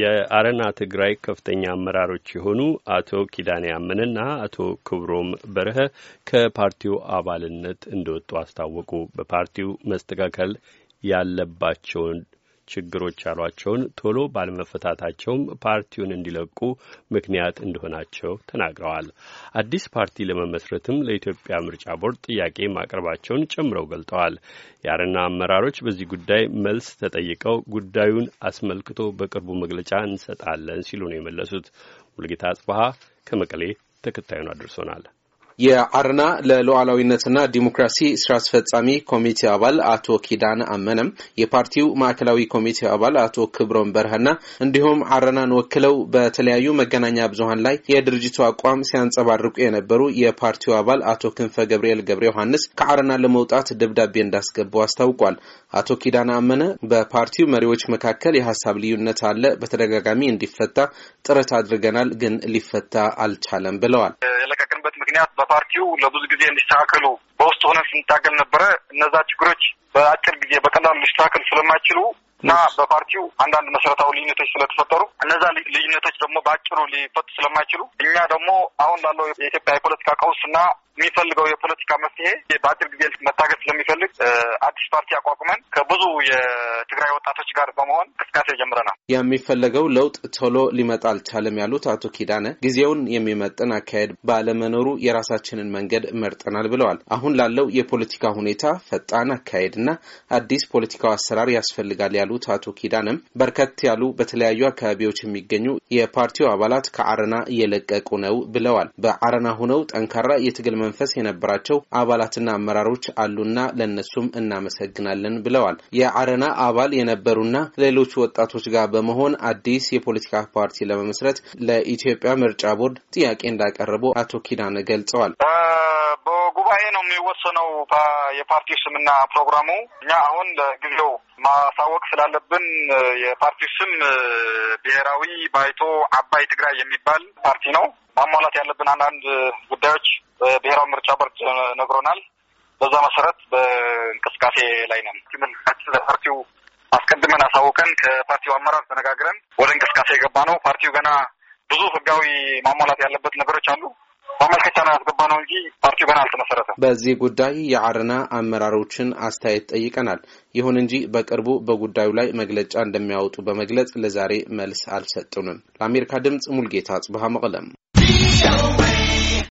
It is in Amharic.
የአረና ትግራይ ከፍተኛ አመራሮች የሆኑ አቶ ኪዳኔ ያመነና አቶ ክብሮም በርሀ ከፓርቲው አባልነት እንደወጡ አስታወቁ። በፓርቲው መስተካከል ያለባቸውን ችግሮች ያሏቸውን ቶሎ ባለመፈታታቸውም ፓርቲውን እንዲለቁ ምክንያት እንደሆናቸው ተናግረዋል። አዲስ ፓርቲ ለመመስረትም ለኢትዮጵያ ምርጫ ቦርድ ጥያቄ ማቅረባቸውን ጨምረው ገልጠዋል። የአረና አመራሮች በዚህ ጉዳይ መልስ ተጠይቀው ጉዳዩን አስመልክቶ በቅርቡ መግለጫ እንሰጣለን ሲሉ ነው የመለሱት። ሙልጌታ አጽበሀ ከመቀሌ ተከታዩን አድርሶናል። የአረና ለሉዓላዊነትና ዲሞክራሲ ስራ አስፈጻሚ ኮሚቴ አባል አቶ ኪዳነ አመነም የፓርቲው ማዕከላዊ ኮሚቴ አባል አቶ ክብሮም በርሀና እንዲሁም አረናን ወክለው በተለያዩ መገናኛ ብዙሀን ላይ የድርጅቱ አቋም ሲያንጸባርቁ የነበሩ የፓርቲው አባል አቶ ክንፈ ገብርኤል ገብረ ዮሐንስ ከአረና ለመውጣት ደብዳቤ እንዳስገቡ አስታውቋል። አቶ ኪዳነ አመነ በፓርቲው መሪዎች መካከል የሀሳብ ልዩነት አለ፣ በተደጋጋሚ እንዲፈታ ጥረት አድርገናል፣ ግን ሊፈታ አልቻለም ብለዋል። የሆነበት ምክንያት በፓርቲው ለብዙ ጊዜ እንዲስተካከሉ በውስጡ ሆነን ስንታገል ነበረ። እነዛ ችግሮች በአጭር ጊዜ በቀላሉ ሊስተካከል ስለማይችሉ እና በፓርቲው አንዳንድ መሰረታዊ ልዩነቶች ስለተፈጠሩ እነዛ ልዩነቶች ደግሞ በአጭሩ ሊፈቱ ስለማይችሉ እኛ ደግሞ አሁን ላለው የኢትዮጵያ የፖለቲካ ቀውስና የሚፈልገው የፖለቲካ መፍትሄ በአጭር ጊዜ መታገል ስለሚፈልግ አዲስ ፓርቲ አቋቁመን ከብዙ የትግራይ ወጣቶች ጋር በመሆን እንቅስቃሴ ጀምረናል። የሚፈለገው ለውጥ ቶሎ ሊመጣ አልቻለም ያሉት አቶ ኪዳነ ጊዜውን የሚመጥን አካሄድ ባለመኖሩ የራሳችንን መንገድ መርጠናል ብለዋል። አሁን ላለው የፖለቲካ ሁኔታ ፈጣን አካሄድና አዲስ ፖለቲካዊ አሰራር ያስፈልጋል ያሉ ያሉት አቶ ኪዳንም በርከት ያሉ በተለያዩ አካባቢዎች የሚገኙ የፓርቲው አባላት ከአረና እየለቀቁ ነው ብለዋል። በአረና ሆነው ጠንካራ የትግል መንፈስ የነበራቸው አባላትና አመራሮች አሉና ለእነሱም እናመሰግናለን ብለዋል። የአረና አባል የነበሩና ሌሎች ወጣቶች ጋር በመሆን አዲስ የፖለቲካ ፓርቲ ለመመስረት ለኢትዮጵያ ምርጫ ቦርድ ጥያቄ እንዳቀረቡ አቶ ኪዳነ ገልጸዋል። ጉባኤ ነው የሚወሰነው የፓርቲው ስምና ፕሮግራሙ። እኛ አሁን ለጊዜው ማሳወቅ ስላለብን የፓርቲው ስም ብሔራዊ ባይቶ አባይ ትግራይ የሚባል ፓርቲ ነው። ማሟላት ያለብን አንዳንድ ጉዳዮች ብሔራዊ ምርጫ ቦርድ ነግሮናል። በዛ መሰረት በእንቅስቃሴ ላይ ነን። ምልካችን ለፓርቲው አስቀድመን አሳውቀን ከፓርቲው አመራር ተነጋግረን ወደ እንቅስቃሴ የገባ ነው። ፓርቲው ገና ብዙ ህጋዊ ማሟላት ያለበት ነገሮች አሉ። ማመልከቻ ነው ያስገባ ነው እንጂ ፓርቲው ገና አልተመሰረተም። በዚህ ጉዳይ የአረና አመራሮችን አስተያየት ጠይቀናል። ይሁን እንጂ በቅርቡ በጉዳዩ ላይ መግለጫ እንደሚያወጡ በመግለጽ ለዛሬ መልስ አልሰጡንም። ለአሜሪካ ድምጽ ሙልጌታ ጽብሃ መቅለም